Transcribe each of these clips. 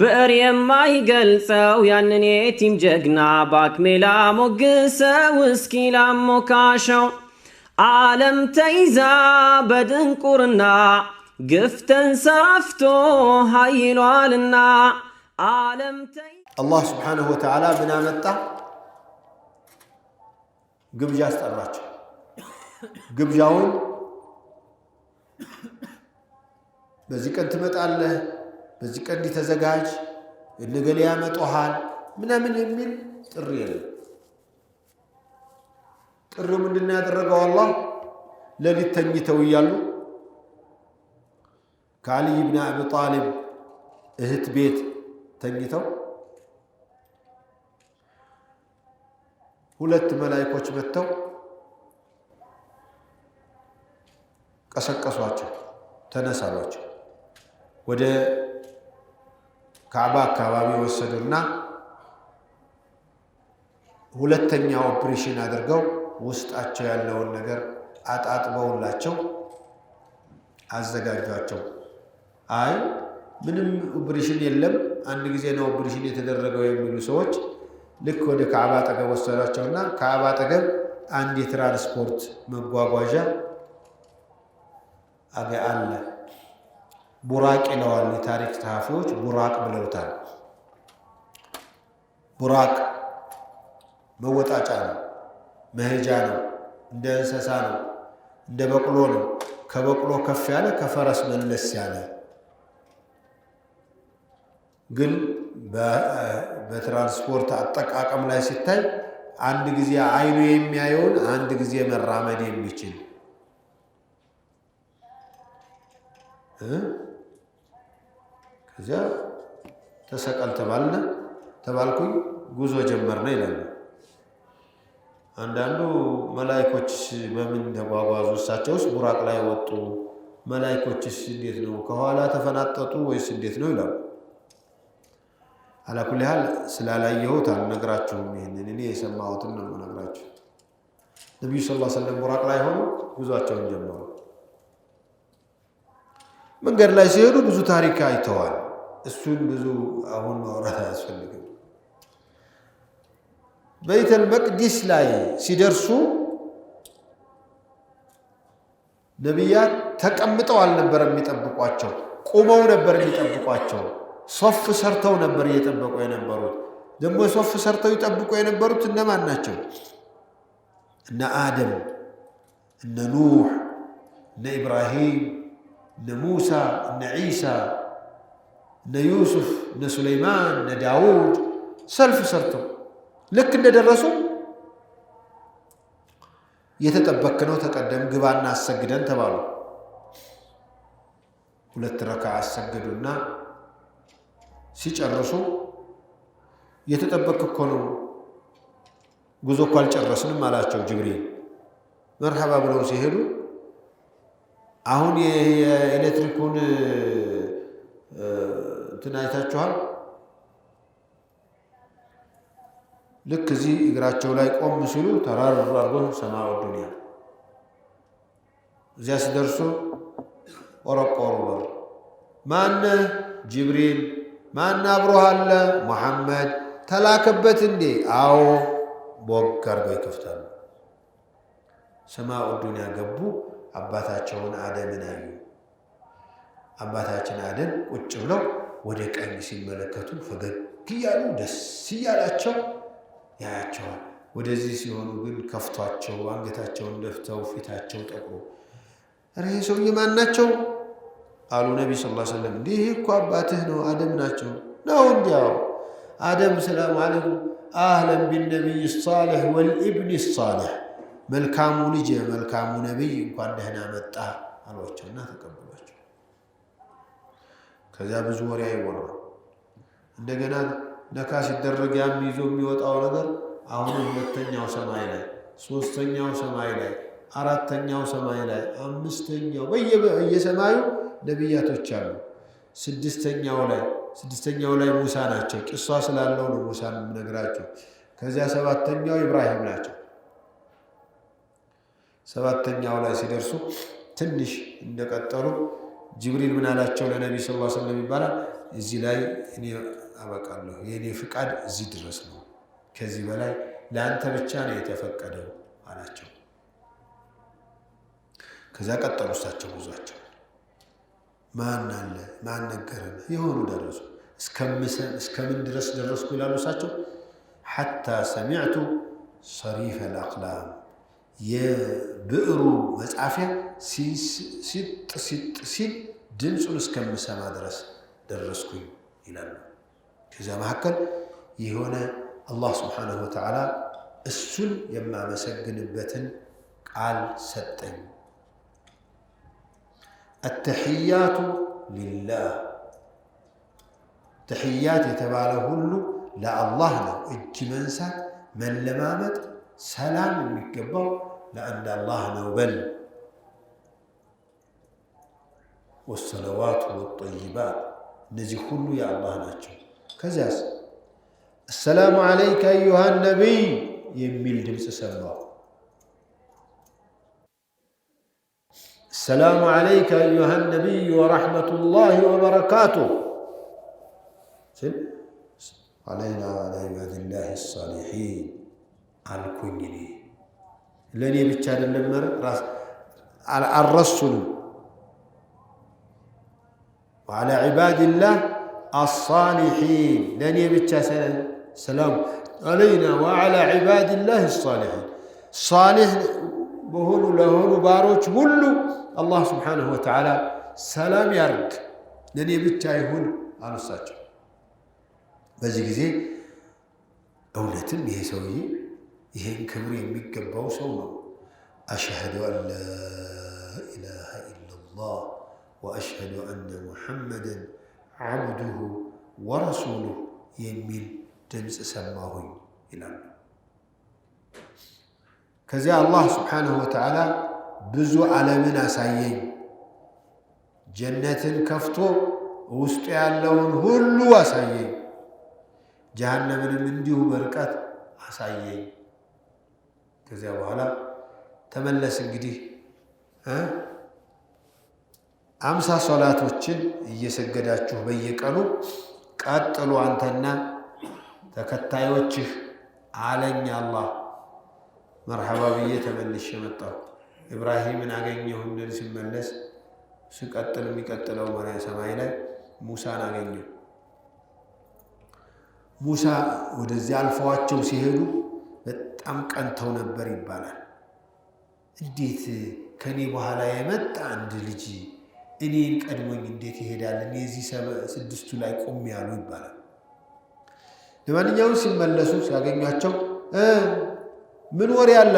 ብዕር የማይገልጸው ያንን የቲም ጀግና ባክሜላ ሞግሰው እስኪ ላሞካሸው ዓለም ተይዛ በድንቁርና ግፍ ተንሰራፍቶ ሀይሏልና ዓለም አላህ ስብሓንሁ ወተዓላ ምን አመጣ? ግብዣ አስጠራቸው። ግብዣውን በዚህ ቀን ትመጣለህ በዚህ ቀን ተዘጋጅ፣ እንገሌ ያመጡሃል ምናምን የሚል ጥሪ የለም። ጥሪው ምንድን ነው ያደረገው? አላህ ሌሊት ተኝተው እያሉ ከአልይ ብን አቢ ጣሊብ እህት ቤት ተኝተው ሁለት መላይኮች መጥተው ቀሰቀሷቸው፣ ተነሳሏቸው ወደ ካባ አካባቢ ወሰዱና ሁለተኛ ኦፕሬሽን አድርገው ውስጣቸው ያለውን ነገር አጣጥበውላቸው አዘጋጇቸው። አይ ምንም ኦፕሬሽን የለም፣ አንድ ጊዜ ነው ኦፕሬሽን የተደረገው የሚሉ ሰዎች ልክ ወደ ካዕባ አጠገብ ወሰዷቸውና ካዕባ አጠገብ አንድ የትራንስፖርት መጓጓዣ አገ አለ ቡራቅ ይለዋል። የታሪክ ጸሐፊዎች ቡራቅ ብለውታል። ቡራቅ መወጣጫ ነው፣ መሄጃ ነው፣ እንደ እንስሳ ነው፣ እንደ በቅሎ ነው። ከበቅሎ ከፍ ያለ ከፈረስ መለስ ያለ ግን በትራንስፖርት አጠቃቀም ላይ ሲታይ አንድ ጊዜ አይኑ የሚያየውን አንድ ጊዜ መራመድ የሚችል እዚያ ተሰቀል ተባልነ ተባልኩኝ ጉዞ ጀመርነ ይላሉ። አንዳንዱ መላይኮች በምን ተጓጓዙ? እሳቸውስ ቡራቅ ላይ ወጡ። መላይኮችስ እንዴት ነው? ከኋላ ተፈናጠጡ ወይስ እንዴት ነው ይላሉ። አላኩል ያህል ስላላየሁት አልነግራችሁም። ይህንን እኔ የሰማሁትን ነው ነግራችሁ። ነቢዩ ስ ሰለም ቡራቅ ላይ ሆኑ ጉዟቸውን ጀመሩ። መንገድ ላይ ሲሄዱ ብዙ ታሪክ አይተዋል። እሱን ብዙ አሁን ማውራት አያስፈልግም። በይተል መቅዲስ ላይ ሲደርሱ ነቢያት ተቀምጠው አልነበረ የሚጠብቋቸው፣ ቁመው ነበር የሚጠብቋቸው። ሶፍ ሰርተው ነበር እየጠበቁ የነበሩት። ደግሞ ሶፍ ሰርተው ይጠብቁ የነበሩት እነማን ናቸው? እነ አደም፣ እነ ኑህ፣ እነ ኢብራሂም እነ ሙሳ፣ እነ ዒሳ፣ እነ ዩሱፍ፣ እነ ሱለይማን፣ እነ ዳውድ ሰልፍ ሰርተው ልክ እንደደረሱ የተጠበክ ነው ተቀደም ግባና አሰግደን ተባሉ። ሁለት ረካ አሰገዱና ሲጨርሱ የተጠበክ እኮ ነው ጉዞ እኮ አልጨረስንም አላቸው ጅብሪል። መርሃባ ብለው ሲሄዱ አሁን የኤሌክትሪኩን እንትን አይታችኋል። ልክ እዚህ እግራቸው ላይ ቆም ሲሉ ተራር አድርጎ ሰማኡ ዱኒያ እዚያ ሲደርሱ ቆረቆሩ በር ማነ ጅብሪል ማነ አብሮህ አለ ሙሐመድ ተላከበት እንዴ? አዎ ቦግ አድርገው ይከፍታሉ። ሰማኡ ዱኒያ ገቡ። አባታቸውን አደምን አዩ። አባታችን አደም ቁጭ ብለው ወደ ቀኝ ሲመለከቱ ፈገግ እያሉ ደስ እያላቸው ያያቸዋል። ወደዚህ ሲሆኑ ግን ከፍቷቸው አንገታቸውን ደፍተው ፊታቸው ጠቁሮ ኧረ ሰውዬ ማን ናቸው አሉ። ነቢ ስ ላ ሰለም እንዲህ እኮ አባትህ ነው አደም ናቸው ነው እንዲያው አደም ስለማለቱ አህለን ቢነቢይ ሳልሕ ወልኢብን ሳልሕ መልካሙ ልጅ መልካሙ ነቢይ እንኳን ደህና መጣ አሏቸውና ተቀበሏቸው። ከዚያ ብዙ ወሬ አይወራም። እንደገና ነካ ሲደረግ ያም ይዞ የሚወጣው ነገር አሁን ሁለተኛው ሰማይ ላይ፣ ሶስተኛው ሰማይ ላይ፣ አራተኛው ሰማይ ላይ፣ አምስተኛው በየሰማዩ ነቢያቶች አሉ። ስድስተኛው ላይ ስድስተኛው ላይ ሙሳ ናቸው። ቂሷ ስላለው ነው ሙሳን የምነግራቸው። ከዚያ ሰባተኛው ኢብራሂም ናቸው። ሰባተኛው ላይ ሲደርሱ ትንሽ እንደቀጠሉ ጅብሪል ምን አላቸው? ለነቢ ስ ላ ስለም ይባላል። እዚህ ላይ እኔ አበቃለሁ። የእኔ ፍቃድ እዚህ ድረስ ነው። ከዚህ በላይ ለአንተ ብቻ ነው የተፈቀደው አላቸው። ከዚያ ቀጠሉ እሳቸው ጉዟቸው። ማን አለ ማን ነገረን? የሆኑ ደረሱ። እስከምን ድረስ ደረስኩ ይላሉ እሳቸው። ሐታ ሰሚዕቱ ሰሪፈ ልአቅላም የብዕሩ መጻፊያ ሲጥ ሲጥ ሲል ድምፁን እስከምሰማ ድረስ ደረስኩኝ ይላሉ። ከዚያ መካከል የሆነ አላህ ስብሓነሁ ወተዓላ እሱን የማመሰግንበትን ቃል ሰጠኝ። አተሕያቱ ሊላህ ተሕያት የተባለ ሁሉ ለአላህ ነው። እጅ መንሳት መለማመጥ ሰላም የሚገባው ለአንድ አላህ ነው በል ወሰለዋቱ ወጠይባት እነዚህ ሁሉ የአላህ ናቸው። ከዚያስ አሰላሙ ዓለይከ አዩሃ ነቢይ የሚል ድምፅ ሰማሁ። አሰላሙ ዓለይከ አዩሃ ነቢይ ወረሕመቱላሂ ወበረካቱ ስል ዓለይና ላ ዒባድላሂ ሳሊሒን አልኩኝ እኔ ለእኔ ብቻ አይደለም ራስ አልረሱንም ወዓላ ዒባድላህ አሳሊሒን ለእኔ ብቻ ሰላሙ አለይና ወዓላ ዒባድላህ ሳሊሒን ሳሊሕ በሆኑ ለሆኑ ባሮች ሁሉ አላህ ስብሓነሁ ወተዓላ ሰላም ያርግ ለእኔ ብቻ ይሁን አሉሳቸው። በዚህ ጊዜ እውነትም ይሄ ሰውዬ ይሄን ክብር የሚገባው ሰው ነው። አሽሀዱ አን ላ ኢላሃ ኢለላህ ወአሽሀዱ አነ ሙሐመደን ዓብዱሁ ወረሱሉሁ የሚል ድምፅ ሰማሁኝ ይላሉ። ከዚያ አላህ ስብሓንሁ ወተዓላ ብዙ ዓለምን አሳየኝ። ጀነትን ከፍቶ ውስጡ ያለውን ሁሉ አሳየኝ። ጀሃነምንም እንዲሁ በርቀት አሳየኝ። ከዚያ በኋላ ተመለስ እንግዲህ አምሳ ሶላቶችን እየሰገዳችሁ በየቀኑ ቀጥሉ አንተና ተከታዮችህ አለኝ አላህ። መርሐባ ብዬ ተመልሼ መጣሁ። ኢብራሂምን አገኘሁ እንድል ሲመለስ ሲቀጥል የሚቀጥለው ሰማይ ላይ ሙሳን አገኘሁ። ሙሳ ወደዚያ አልፈዋቸው ሲሄዱ በጣም ቀንተው ነበር ይባላል። እንዴት ከኔ በኋላ የመጣ አንድ ልጅ እኔን ቀድሞኝ እንዴት ይሄዳል? እኔ እዚህ ስድስቱ ላይ ቆም ያሉ ይባላል። ለማንኛውም ሲመለሱ ሲያገኟቸው ምን ወሬ ያለ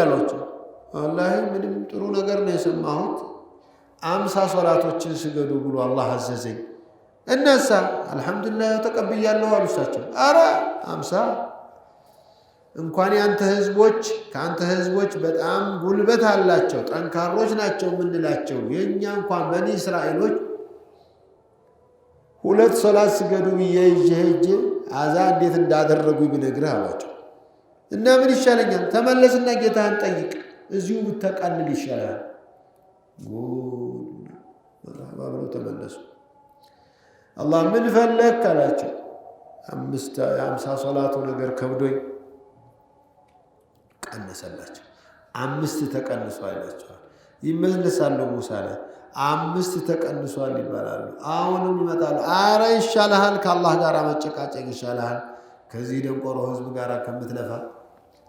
ወላሂ ምንም ጥሩ ነገር ነው የሰማሁት። አምሳ ሶላቶችን ስገዱ ብሎ አላህ አዘዘኝ። እነሳ አልሐምዱሊላህ ተቀብያለሁ አሉ እሳቸው። አረ አምሳ እንኳን የአንተ ህዝቦች ከአንተ ህዝቦች በጣም ጉልበት አላቸው ጠንካሮች ናቸው የምንላቸው የእኛ እንኳን በኒ እስራኤሎች ሁለት ሶላት ስገዱ ብዬ ይዤ ሄጄ አዛ እንዴት እንዳደረጉ ብነግርህ አሏቸው። እና ምን ይሻለኛል? ተመለስና ጌታህን ጠይቅ፣ እዚሁ ብተቃልል ይሻላል። ብለው ተመለሱ። አላህ ምን ፈለግ ካላቸው አምሳ ሶላቱ ነገር ከብዶኝ ቀነሰላቸው። አምስት ተቀንሷል ይላቸዋል። ይመለሳሉ። ሙሳ ላይ አምስት ተቀንሷል ይባላሉ። አሁንም ይመጣሉ። አረ ይሻልሃል፣ ከአላህ ጋር መጨቃጨቅ ይሻልሃል፣ ከዚህ ደንቆሮ ህዝብ ጋር ከምትለፋ።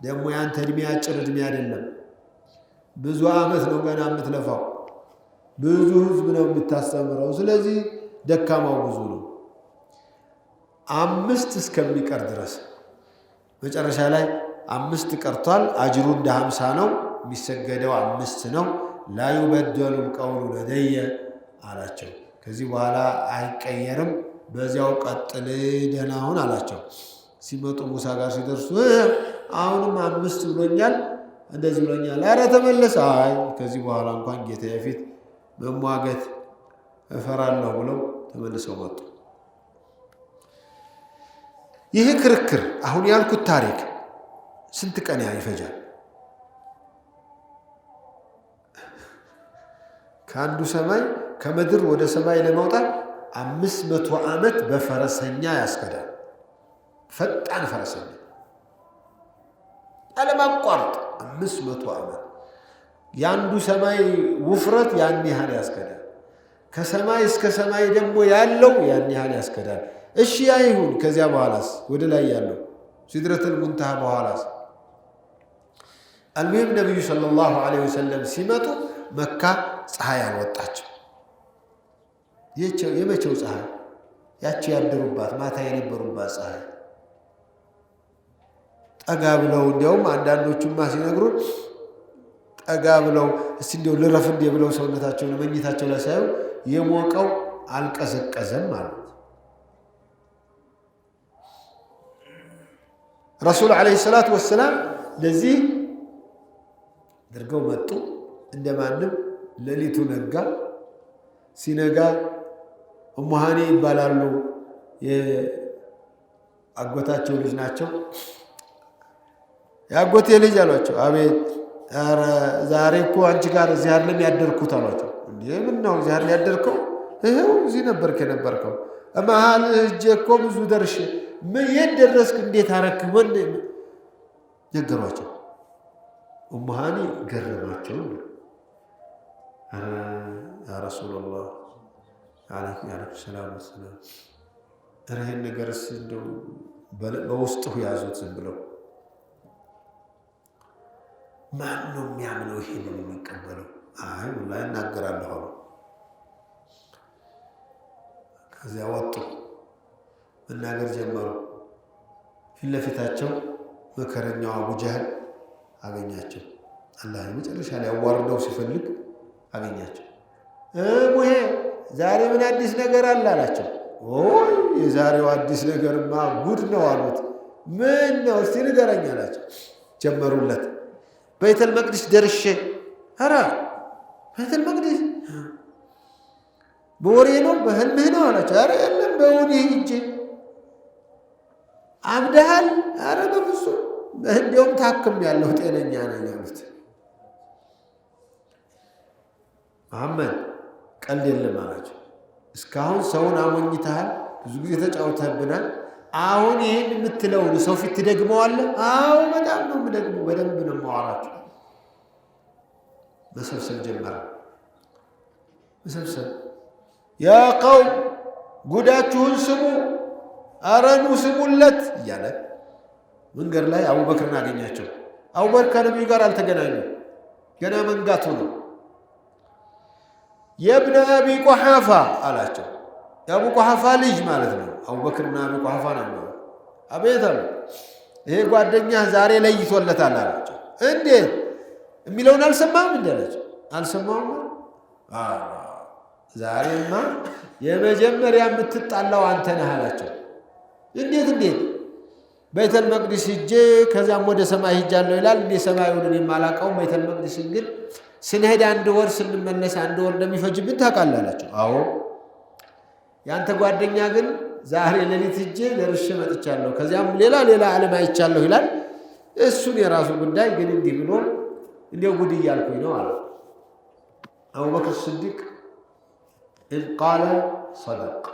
ደግሞ ያንተ እድሜ አጭር እድሜ አይደለም፣ ብዙ ዓመት ነው ገና የምትለፋው። ብዙ ህዝብ ነው የምታስተምረው። ስለዚህ ደካማው ብዙ ነው። አምስት እስከሚቀር ድረስ መጨረሻ ላይ አምስት ቀርቷል። አጅሩ እንደ ሀምሳ ነው። የሚሰገደው አምስት ነው። ላዩበደሉ ቀውሉ ለደየ አላቸው። ከዚህ በኋላ አይቀየርም። በዚያው ቀጥል ደህና ሁን አላቸው። ሲመጡ ሙሳ ጋር ሲደርሱ አሁንም አምስት ብሎኛል፣ እንደዚህ ብሎኛል። አረ ተመለስ። አይ ከዚህ በኋላ እንኳን ጌታ ፊት መሟገት እፈራለሁ ብለው ተመልሰው መጡ። ይህ ክርክር አሁን ያልኩት ታሪክ ስንት ቀን ያ ይፈጃል? ከአንዱ ሰማይ ከምድር ወደ ሰማይ ለመውጣት አምስት መቶ ዓመት በፈረሰኛ ያስከዳል። ፈጣን ፈረሰኛ አለማቋርጥ አምስት መቶ ዓመት የአንዱ ሰማይ ውፍረት ያን ያህል ያስከዳል። ከሰማይ እስከ ሰማይ ደግሞ ያለው ያን ያህል ያስከዳል። እሺ ያ ይሁን። ከዚያ በኋላስ ወደ ላይ ያለው ሲድረተል ሙንተሃ በኋላስ አልሙሂም ነቢዩ ሰለላሁ ዐለይሂ ወሰለም ሲመጡ መካ ፀሐይ አልወጣቸው። የመቼው ፀሐይ? ያቸው ያደሩባት ማታ የነበሩባት ፀሐይ። ጠጋ ብለው እንዲያውም አንዳንዶቹማ ሲነግሩ ጠጋ ብለው እስቲ እንዲያው ልረፍ እንዴ ብለው ሰውነታቸው መኝታቸው ላይ ሳይሆን የሞቀው አልቀዘቀዘም ማለት ረሱል ዐለይሂ ሰላቱ ወሰላም ለዚህ አድርገው መጡ። እንደማንም ሌሊቱ ነጋ። ሲነጋ እሙሃኒ ይባላሉ የአጎታቸው ልጅ ናቸው። የአጎቴ ልጅ አሏቸው። አቤት ዛሬ እኮ አንቺ ጋር እዚህ አይደለም ያደርኩት አሏቸው። ምን ነው እዚህ አይደል ያደርከው? ይኸው እዚህ ነበርክ የነበርከው መሀል እጄ እኮ ብዙ ደርሽ ምን የት ደረስክ እንዴት አረክ ወን ነገሯቸው። ኡሙሃኒ ገረማቸው። ረሱሉላህ ዓለይኩም ሰላም ወሰላም፣ ኧረ ይሄን ነገርስ እንደው በውስጡ ያዙት ዝም ብለው ማን ነው የሚያምነው ይሄንን የሚቀበለው? አይ ወላሂ እናገራለሁ አሉ። ከዚያ ወጡ መናገር ጀመሩ። ፊት ለፊታቸው መከረኛው አቡ ጀህል አገኛቸው። አላህ መጨረሻ ላይ አዋርደው ሲፈልግ አገኛቸው። ሙሄ ዛሬ ምን አዲስ ነገር አለ አላቸው። የዛሬው አዲስ ነገርማ ጉድ ነው አሉት። ምን ነው እስቲ ንገረኝ አላቸው። ጀመሩለት። በይተል መቅድስ ደርሼ፣ ኧረ በይተል መቅድስ በወሬ ነው በህልምህ ነው አላቸው። ኧረ የለም በውኔ ሂጄ። አብደሃል? ኧረ በፍጹም እንዲሁም ታክም ያለው ጤነኛ ነኝ አሉት። መሐመድ ቀልድ የለም አላቸው። እስካሁን ሰውን አሞኝተሃል፣ ብዙ ጊዜ ተጫውተብናል። አሁን ይህን የምትለውን ሰው ፊት ትደግመዋለህ? አዎ በጣም ነው ደግሞ በደንብ ነው የማወራቸው። መሰብሰብ ጀመረ። መሰብሰብ ያ ቀውም ጉዳችሁን ስሙ፣ አረኑ ስሙለት እያለ መንገድ ላይ አቡበክርን አገኛቸው። አቡበክር ከነቢዩ ጋር አልተገናኙ፣ ገና መንጋቱ ነው። የብነ አቢ ቆሓፋ አላቸው። የአቡ ቆሐፋ ልጅ ማለት ነው። አቡበክርና አቢ ቆሐፋ ነው። አቤት አሉ፣ ይሄ ጓደኛ ዛሬ ለይቶለታል አላቸው። እንዴት የሚለውን አልሰማም እንዳለች አልሰማውም። ዛሬማ የመጀመሪያ የምትጣላው አንተ ነህ አላቸው። እንዴት እንዴት ቤተል መቅዲስ ሂጄ ከዚያም ወደ ሰማይ ሂጃለሁ ይላል። እኔ ሰማዩን እኔም አላውቀውም። ቤተል መቅዲስን ግን ስንሄድ አንድ ወር ስንመለስ አንድ ወር እንደሚፈጅብን ታውቃለህ አላቸው። አዎ ያንተ ጓደኛ ግን ዛሬ ሌሊት ሂጄ ደርሼ መጥቻለሁ፣ ከዚያም ሌላ ሌላ ዓለም አይቻለሁ ይላል። እሱን የራሱ ጉዳይ ግን እንዲህ ብሎ እንዲው ጉድ እያልኩኝ ነው አለ። አቡበክር ስዲቅ ኢዝ ቃለ ሰደቅ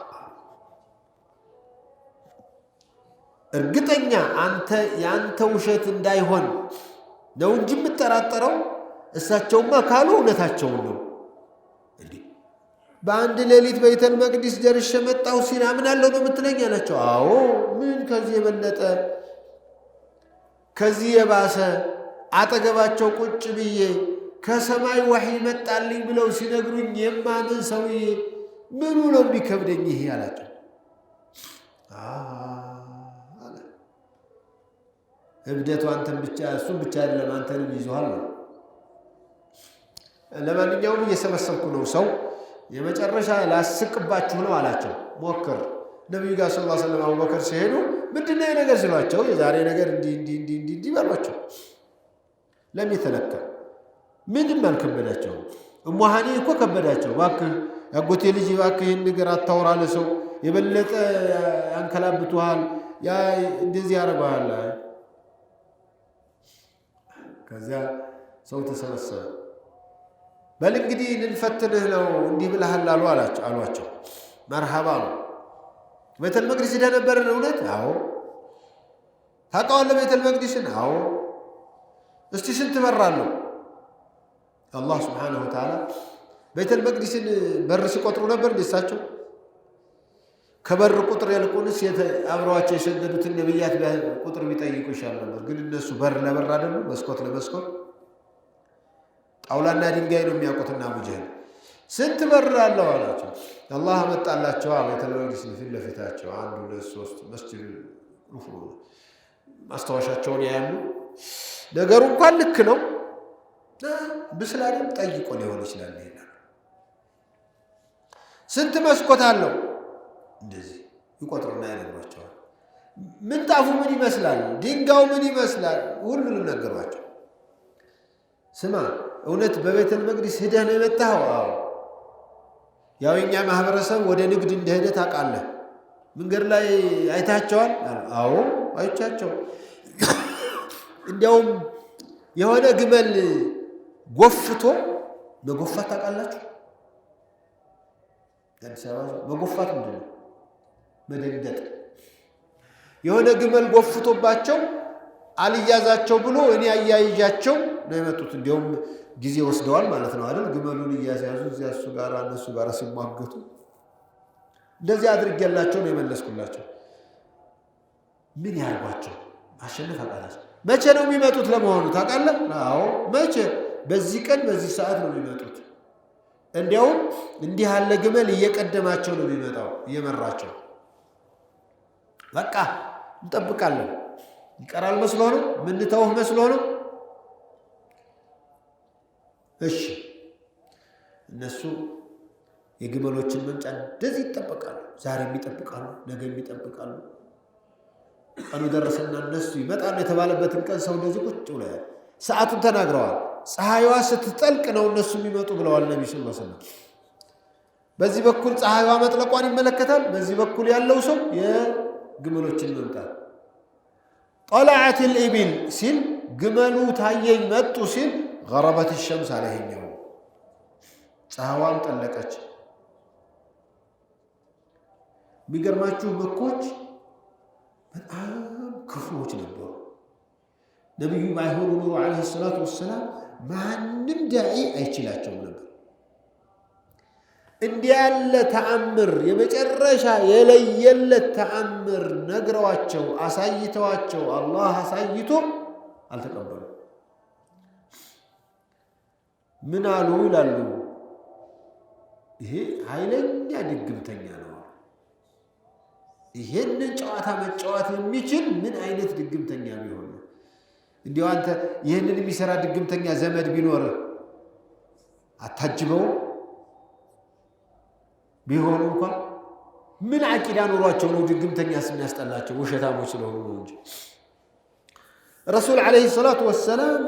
እርግጠኛ አንተ የአንተ ውሸት እንዳይሆን ነው እንጂ የምጠራጠረው። እሳቸውማ ካሉ እውነታቸውን ነው። በአንድ ሌሊት በይተል መቅዲስ ደርሼ መጣሁ ምን አምናለሁ ነው የምትለኝ አላቸው። አዎ ምን ከዚህ የበለጠ ከዚህ የባሰ አጠገባቸው ቁጭ ብዬ ከሰማይ ወሕይ መጣልኝ ብለው ሲነግሩኝ የማምን ሰውዬ ምኑ ነው የሚከብደኝ? ይሄ አላቸው። እብደቱ አንተን ብቻ እሱን ብቻ አይደለም አንተንም ይዞሃል ነው። ለማንኛውም እየሰበሰብኩ ነው። ሰው የመጨረሻ ላስቅባችሁ ነው አላቸው። ሞክር ነቢዩ ጋር ስለ ስለም አቡበከር ሲሄዱ ምንድነው የነገር ሲሏቸው የዛሬ ነገር እንዲህ እንዲህ እንዲህ እንዲህ እንዲህ በሏቸው። ለምን ተለከ ምንም አልከበዳቸው። እሙሃኒ እኮ ከበዳቸው። እባክህ ያጎቴ ልጅ እባክህ ይህን ነገር አታውራ ለሰው የበለጠ ያንከላብቱሃል፣ እንደዚህ ያደርገዋል ከዚያ ሰው ተሰበሰበ። በል እንግዲህ ልንፈትንህ ነው እንዲህ ብለሃል አሉ አሏቸው። መርሃባ ነው። ቤተል መቅዲስ ሄደህ ነበርን? እውነት? አዎ። ታውቀዋለህ ቤተል መቅዲስን? አዎ። እስቲ ስንት በራለሁ? አላህ ስብሓነሁ ወተዓላ ቤተል መቅዲስን በር ሲቆጥሩ ነበር እንዴ ከበር ቁጥር ይልቁንስ አብረዋቸው የሰደዱትን ነብያት ቁጥር ቢጠይቁ ይሻል ነበር። ግን እነሱ በር ለበር አይደሉም፣ መስኮት ለመስኮት ጣውላና ድንጋይ ነው የሚያውቁትና አቡጀህል ስንት በር አለው አላቸው። አላህ አመጣላቸው ቤተ መቅደስ ፊት ለፊታቸው አንድ ሁለት ሶስት መስጅድ ማስታወሻቸውን ያያሉ። ነገሩ እንኳን ልክ ነው። ብስላድም ጠይቆ ሊሆን ይችላል። ስንት መስኮት አለው እንደዚህ ይቆጥሩና ያደርጓቸዋል። ምንጣፉ ምን ይመስላል? ድንጋዩ ምን ይመስላል? ሁሉንም ነገሯቸው። ስማ እውነት በቤተል መቅዲስ ሂደህ ነው የመጣኸው? አዎ። ያው የኛ ማህበረሰብ ወደ ንግድ እንደሄደ ታውቃለህ። መንገድ ላይ አይታቸዋል? አዎ አይቻቸው። እንዲያውም የሆነ ግመል ጎፍቶ መጎፋት ታውቃላችሁ? አዲስ አበባ መጎፋት ምንድን ነው? መደንገጥ የሆነ ግመል ጎፍቶባቸው አልያዛቸው ብሎ እኔ አያይዣቸው ነው የመጡት። እንዲሁም ጊዜ ወስደዋል ማለት ነው አይደል? ግመሉን እያያዙ እዚያ እሱ ጋር እነሱ ጋር ሲሟገቱ እንደዚህ አድርጌላቸው ነው የመለስኩላቸው። ምን ያርጓቸው? ማሸነፍ አቃታቸው። መቼ ነው የሚመጡት ለመሆኑ ታውቃለህ? አዎ መቼ? በዚህ ቀን በዚህ ሰዓት ነው የሚመጡት። እንዲያውም እንዲህ ያለ ግመል እየቀደማቸው ነው የሚመጣው እየመራቸው በቃ እንጠብቃለን። ይቀራል መስሎ ነው ምንተውህ መስሎ ነው። እሺ እነሱ የግመሎችን መምጫ እንደዚህ ይጠበቃሉ። ዛሬም ይጠብቃሉ፣ ነገም ይጠብቃሉ። ቀኑ ደረሰና እነሱ ይመጣሉ የተባለበትን ቀን ሰው እንደዚህ ቁጭ ብሎ ያለ ሰዓቱን ተናግረዋል። ፀሐይዋ ስትጠልቅ ነው እነሱ የሚመጡ ብለዋል ነቢ ስ ሰለም። በዚህ በኩል ፀሐይዋ መጥለቋን ይመለከታል። በዚህ በኩል ያለው ሰው ግመሎችን መምጣት ጠላዓት ልኢቢል ሲል ግመሉ ታየኝ መጡ ሲል ገረበት ሸምስ አለህኛው ፀሐዋም ጠለቀች። የሚገርማችሁ መኮች በጣም ክፉዎች ነበሩ። ነቢዩ ባይሆኑ ኑሩ ዓለይሂ ሰላቱ ወሰላም ማንም ዳዒ አይችላቸውም ነበር። እንዲህ ያለ ተአምር የመጨረሻ የለየለት ተአምር ነግረዋቸው አሳይተዋቸው አላህ አሳይቶ አልተቀበሉ። ምን አሉ ይላሉ፣ ይሄ ኃይለኛ ድግምተኛ ነው። ይሄንን ጨዋታ መጫወት የሚችል ምን አይነት ድግምተኛ ቢሆን እንዲሁ አንተ ይህንን የሚሰራ ድግምተኛ ዘመድ ቢኖር አታጅበው ቢሆኑ እንኳን ምን አቂዳ ኑሯቸው ነው ድግምተኛ ስሚያስጠላቸው ውሸታሞች ስለሆኑ ነው እንጂ ረሱል ዓለይሂ ሰላቱ ወሰላም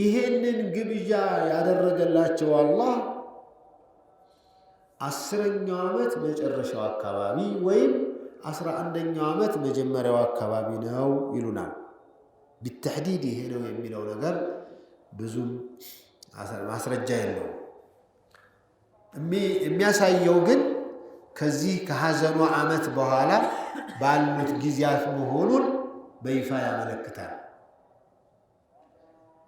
ይሄንን ግብዣ ያደረገላቸው አላህ አስረኛው ዓመት መጨረሻው አካባቢ ወይም አስራ አንደኛው ዓመት መጀመሪያው አካባቢ ነው ይሉናል። ቢተሕዲድ ይሄ ነው የሚለው ነገር ብዙም ማስረጃ የለውም። የሚያሳየው ግን ከዚህ ከሐዘኑ ዓመት በኋላ ባሉት ጊዜያት መሆኑን በይፋ ያመለክታል።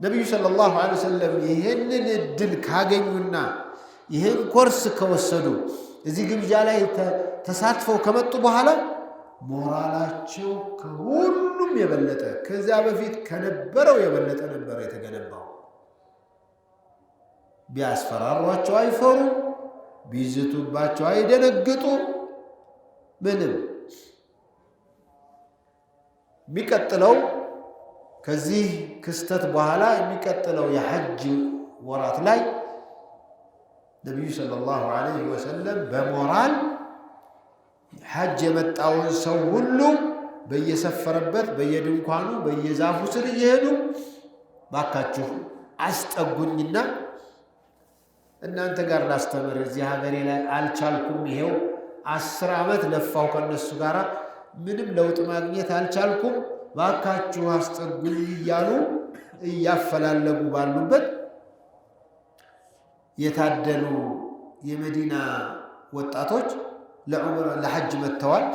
ነቢዩ ሰለላሁ ዐለይሂ ወሰለም ይህንን እድል ካገኙና ይህን ኮርስ ከወሰዱ እዚህ ግብዣ ላይ ተሳትፈው ከመጡ በኋላ ሞራላቸው ከሁሉም የበለጠ ከዚያ በፊት ከነበረው የበለጠ ነበር የተገነባው። ቢያስፈራሯቸው አይፈሩም። ቢዝቱባቸው አይደነግጡ። ምንም የሚቀጥለው ከዚህ ክስተት በኋላ የሚቀጥለው የሐጅ ወራት ላይ ነቢዩ ሰለላሁ ዐለይሂ ወሰለም በሞራል ሐጅ የመጣውን ሰው ሁሉ በየሰፈረበት በየድንኳኑ በየዛፉ ስር እየሄዱ ባካችሁ አስጠጉኝና እናንተ ጋር ላስተምር እዚህ ሀገሬ ላይ አልቻልኩም። ይሄው አስር ዓመት ለፋው ከነሱ ጋር ምንም ለውጥ ማግኘት አልቻልኩም። ባካችሁ አስጠጉኝ እያሉ እያፈላለጉ ባሉበት የታደሉ የመዲና ወጣቶች ለሐጅ መጥተዋል።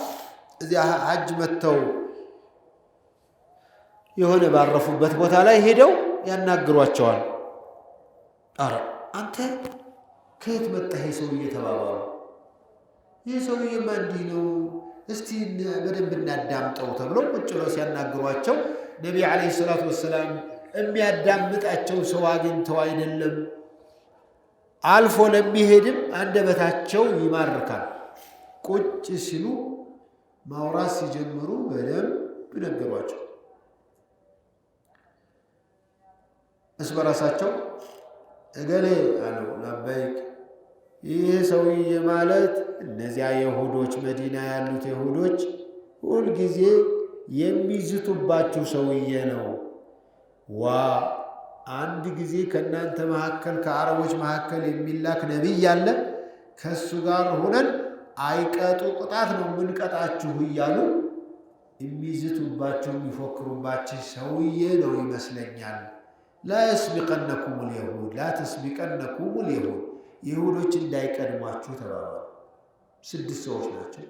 እዚያ ሐጅ መጥተው የሆነ ባረፉበት ቦታ ላይ ሄደው ያናግሯቸዋል። አረ አንተ ከየት መጣህ ሰውዬ እየተባባሉ ይህ ሰውዬማ እንዲህ ነው፣ እስቲ በደንብ እናዳምጠው ተብሎ ቁጭ ብለው ሲያናግሯቸው ነቢይ ዓለይሂ ሰላቱ ወሰላም የሚያዳምጣቸው ሰው አግኝተው አይደለም አልፎ ለሚሄድም አንደበታቸው ይማርካል። ቁጭ ሲሉ ማውራት ሲጀምሩ በደንብ ነገሯቸው እስ በራሳቸው እገሌ አለው። ለበይክ ይህ ሰውዬ ማለት እነዚያ የሁዶች መዲና ያሉት የሁዶች ሁልጊዜ የሚዝቱባችሁ ሰውዬ ነው። ዋ አንድ ጊዜ ከእናንተ መካከል ከአረቦች መካከል የሚላክ ነቢይ ያለ ከእሱ ጋር ሆነን አይቀጡ ቅጣት ነው የምንቀጣችሁ እያሉ የሚዝቱባችሁ የሚፎክሩባቸው ሰውዬ ነው ይመስለኛል። ላ የስቢቀነኩሙል የሁድ ላ ተስቢቀነኩሙል እንዳይቀድሟችሁ ተባባሉ። ስድስት ሰዎች ናቸው።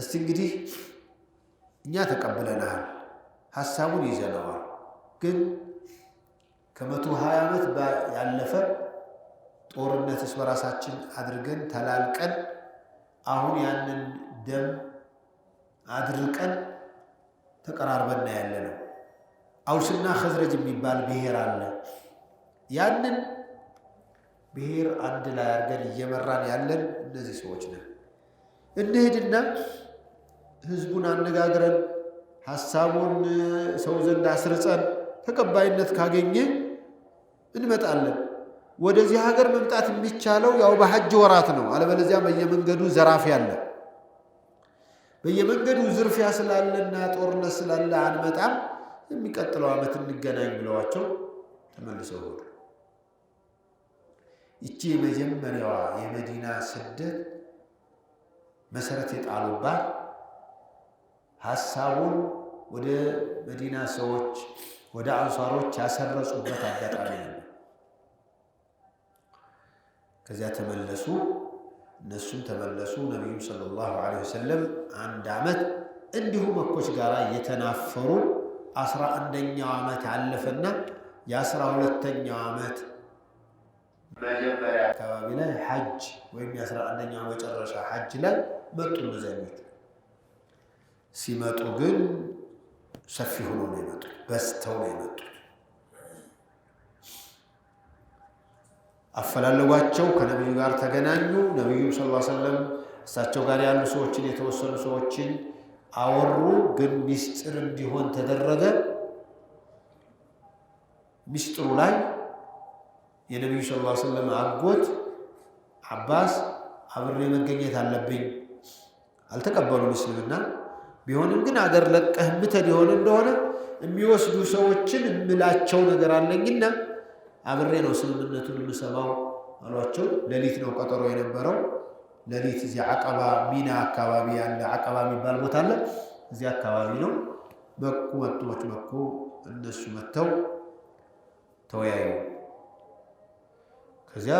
እስቲ እንግዲህ እኛ ተቀብለናል፣ ሀሳቡን ይዘነዋል። ግን ከመቶ ሀያ ዓመት ያለፈ ጦርነትስ በራሳችን አድርገን ተላልቀን አሁን ያንን ደም አድርቀን ተቀራርበና ያለ ነው አውስና ኸዝረጅ የሚባል ብሔር አለ። ያንን ብሔር አንድ ላይ አድርገን እየመራን ያለን እነዚህ ሰዎች ነን። እንሄድና ህዝቡን አነጋግረን ሀሳቡን ሰው ዘንድ አስርፀን ተቀባይነት ካገኘ እንመጣለን። ወደዚህ ሀገር መምጣት የሚቻለው ያው በሐጅ ወራት ነው። አለበለዚያ በየመንገዱ ዘራፊ አለ፣ በየመንገዱ ዝርፊያ ስላለና ጦርነት ስላለ አንመጣም። የሚቀጥለው ዓመት እንገናኝ ብለዋቸው ተመልሰው ሆነ። ይቺ የመጀመሪያዋ የመዲና ስደት መሰረት የጣሉባት ሀሳቡን ወደ መዲና ሰዎች ወደ አንሷሮች ያሰረጹበት አጋጣሚ ነው። ከዚያ ተመለሱ፣ እነሱም ተመለሱ። ነቢዩም ሰለላሁ ዐለይሂ ወሰለም አንድ ዓመት እንዲሁ መኮች ጋር እየተናፈሩ አስራ አንደኛው ዓመት ያለፈና የአስራ ሁለተኛው ዓመት አካባቢ ላይ ሐጅ ወይም የአስራ አንደኛው መጨረሻ ሐጅ ላይ መጡ መዘኞች። ሲመጡ ግን ሰፊ ሆኖ ነው የመጡት በዝተው ነው የመጡት አፈላለጓቸው ከነቢዩ ጋር ተገናኙ። ነቢዩ ስ ሰለም እሳቸው ጋር ያሉ ሰዎችን የተወሰኑ ሰዎችን አወሩ፣ ግን ሚስጥር እንዲሆን ተደረገ። ሚስጥሩ ላይ የነቢዩ ስ ላ ስለም አጎት አባስ አብሬ መገኘት አለብኝ። አልተቀበሉ እስልምና ቢሆንም ግን አገር ለቀህ ምተን የሆነ እንደሆነ የሚወስዱ ሰዎችን እምላቸው ነገር አለኝና አብሬ ነው ስምምነቱን የምሰማው አሏቸው። ሌሊት ነው ቀጠሮ የነበረው። ሌሊት እዚ አቀባ ሚና አካባቢ ያለ አቀባ የሚባል ቦታ አለ። እዚ አካባቢ ነው። በኩ ወጡዎች በኩ እነሱ መጥተው ተወያዩ። ከዚያ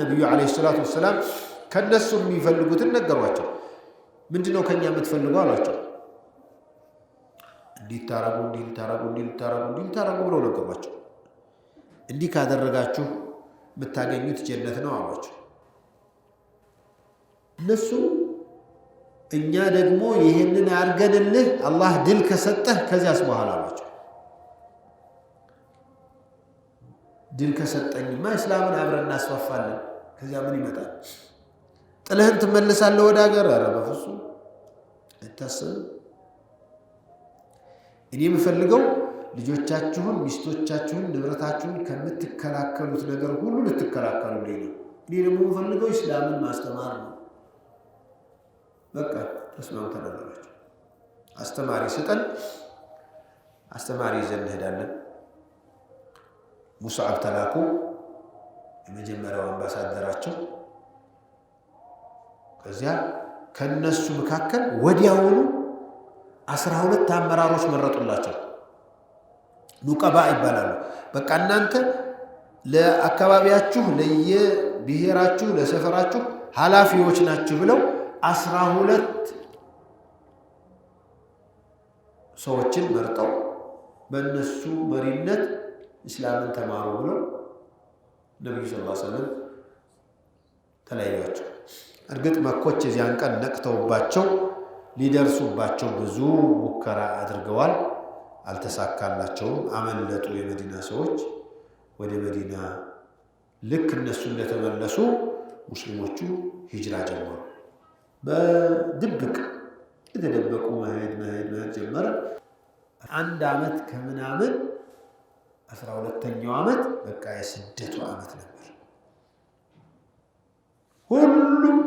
ነቢዩ ዓለይሂ ሰላቱ ወሰላም ከእነሱ የሚፈልጉትን ነገሯቸው። ምንድን ነው ከእኛ የምትፈልገው አሏቸው። እንዲታረጉ እንዲታረጉ እንዲታረጉ ብለው ነገሯቸው። እንዲህ ካደረጋችሁ የምታገኙት ጀነት ነው አሏቸው። እነሱ እኛ ደግሞ ይህንን አድርገንልህ አላህ ድል ከሰጠህ ከዚያስ በኋላ ናቸው። ድል ከሰጠኝማ እስላምን አብረን እናስፋፋለን። ከዚያ ምን ይመጣል? ጥልህን ትመልሳለህ ወደ ሀገር? ኧረ በፍጹም አይታሰብም። እኔ የምፈልገው ልጆቻችሁን፣ ሚስቶቻችሁን፣ ንብረታችሁን ከምትከላከሉት ነገር ሁሉ ልትከላከሉ ላይ ነው። እኔ ደግሞ የምፈልገው ኢስላምን ማስተማር ነው። በቃ ተስማምተን አላቸው። አስተማሪ ስጠን፣ አስተማሪ ይዘን እንሄዳለን። ሙስዓብ ተላኩ። የመጀመሪያው አምባሳደራቸው ከዚያ ከነሱ መካከል ወዲያውኑ አስራ ሁለት አመራሮች መረጡላቸው። ኑቀባ ይባላሉ። በቃ እናንተ ለአካባቢያችሁ፣ ለየብሔራችሁ፣ ለሰፈራችሁ ኃላፊዎች ናችሁ ብለው አስራ ሁለት ሰዎችን መርጠው በእነሱ መሪነት እስላምን ተማሩ ብለው ነቢዩ ስ ሰለም ተለያዩቸው። እርግጥ መኮች የዚያን ቀን ነቅተውባቸው ሊደርሱባቸው ብዙ ሙከራ አድርገዋል። አልተሳካላቸውም። አመለጡ። የመዲና ሰዎች ወደ መዲና ልክ እነሱ እንደተመለሱ ሙስሊሞቹ ሂጅራ ጀመሩ። በድብቅ የተደበቁ መሄድ መሄድ መሄድ ጀመረ። አንድ ዓመት ከምናምን አስራ ሁለተኛው ዓመት በቃ የስደቱ ዓመት ነበር። ሁሉም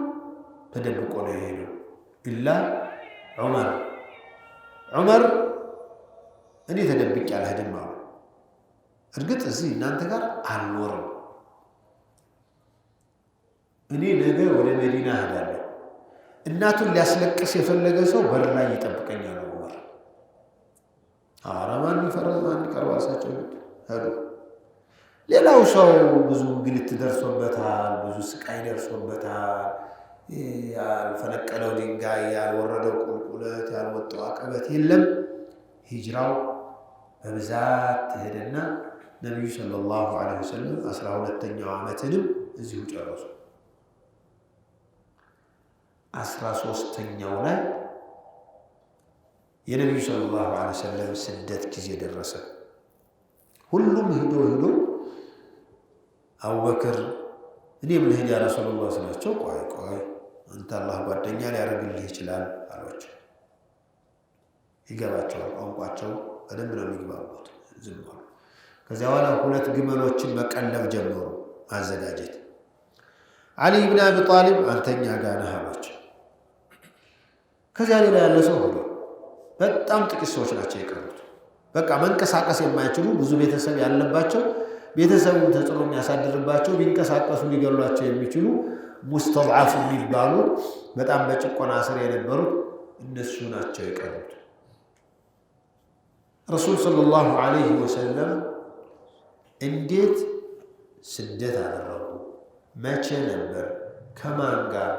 ተደብቆ ነው የሄደው ኢላ ዑመር። ዑመር እኔ ተደብቄ አልሄድም አሉ። እርግጥ እዚህ እናንተ ጋር አልኖርም፣ እኔ ነገ ወደ መዲና እሄዳለሁ እናቱን ሊያስለቅስ የፈለገ ሰው በር ላይ ይጠብቀኛል ወር ዑመር። ማን ፈረዝ ማን ቀርባሳቸው ሄዱ። ሌላው ሰው ብዙ ግልት ደርሶበታል፣ ብዙ ስቃይ ደርሶበታል። ያልፈነቀለው ድንጋይ፣ ያልወረደው ቁልቁለት፣ ያልወጣው አቀበት የለም። ሂጅራው በብዛት ትሄደና ነቢዩ ሰለላሁ ዐለይሂ ወሰለም አስራ ሁለተኛው ዓመትንም እዚሁ ጨረሱ። አስራ ሶስተኛው ላይ የነቢዩ ሰለላሁ ዐለይሂ ወሰለም ስደት ጊዜ ደረሰ። ሁሉም ሂዶ ሂዶ አቡበክር እኔም ልሂድ ያ ረሱሉላህ ስላቸው፣ ቆይ ቆይ አንተ አላህ ጓደኛ ሊያደርግልህ ይችላል አሏቸው። ይገባቸዋል፣ ቋንቋቸው በደንብ ነው የሚግባቡት። ዝም አሉ። ከዚያ በኋላ ሁለት ግመሎችን መቀለብ ጀመሩ ማዘጋጀት። አሊ ብን አቢ ጣሊብ አንተኛ ጋር ነህ አሏቸው። ከዚያ ሌላ ያለ ሰው ሆኖ በጣም ጥቂት ሰዎች ናቸው የቀሩት። በቃ መንቀሳቀስ የማይችሉ ብዙ ቤተሰብ ያለባቸው ቤተሰቡ ተጽዕኖ የሚያሳድርባቸው ቢንቀሳቀሱ ሊገሏቸው የሚችሉ ሙስተድዓፍ የሚባሉ በጣም በጭቆና ስር የነበሩት እነሱ ናቸው የቀሩት። ረሱል ሰለላሁ ዐለይሂ ወሰለም እንዴት ስደት አደረጉ? መቼ ነበር? ከማን ጋር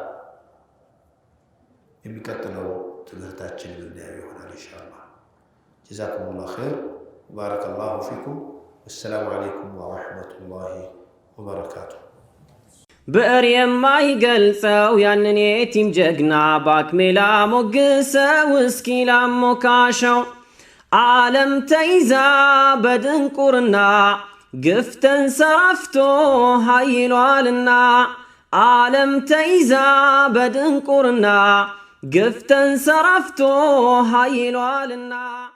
የሚቀጥለው ትምህርታችን ምናየው ይሆናል ኢንሻአላህ። ጀዛኩሙላሁ ኸይር ባረከላሁ ፊኩም። ወሰላሙ አለይኩም ወረሕመቱላሂ ወበረካቱ። ብዕር የማይገልጸው ያንን የቲም ጀግና ባክሜላ ሞግሰው እስኪ ላሞካሸው ዓለም ተይዛ በድንቁርና ግፍ ተንሰራፍቶ ሀይሏልና ዓለም ተይዛ በድንቁርና قفت انصرفت هاي للنار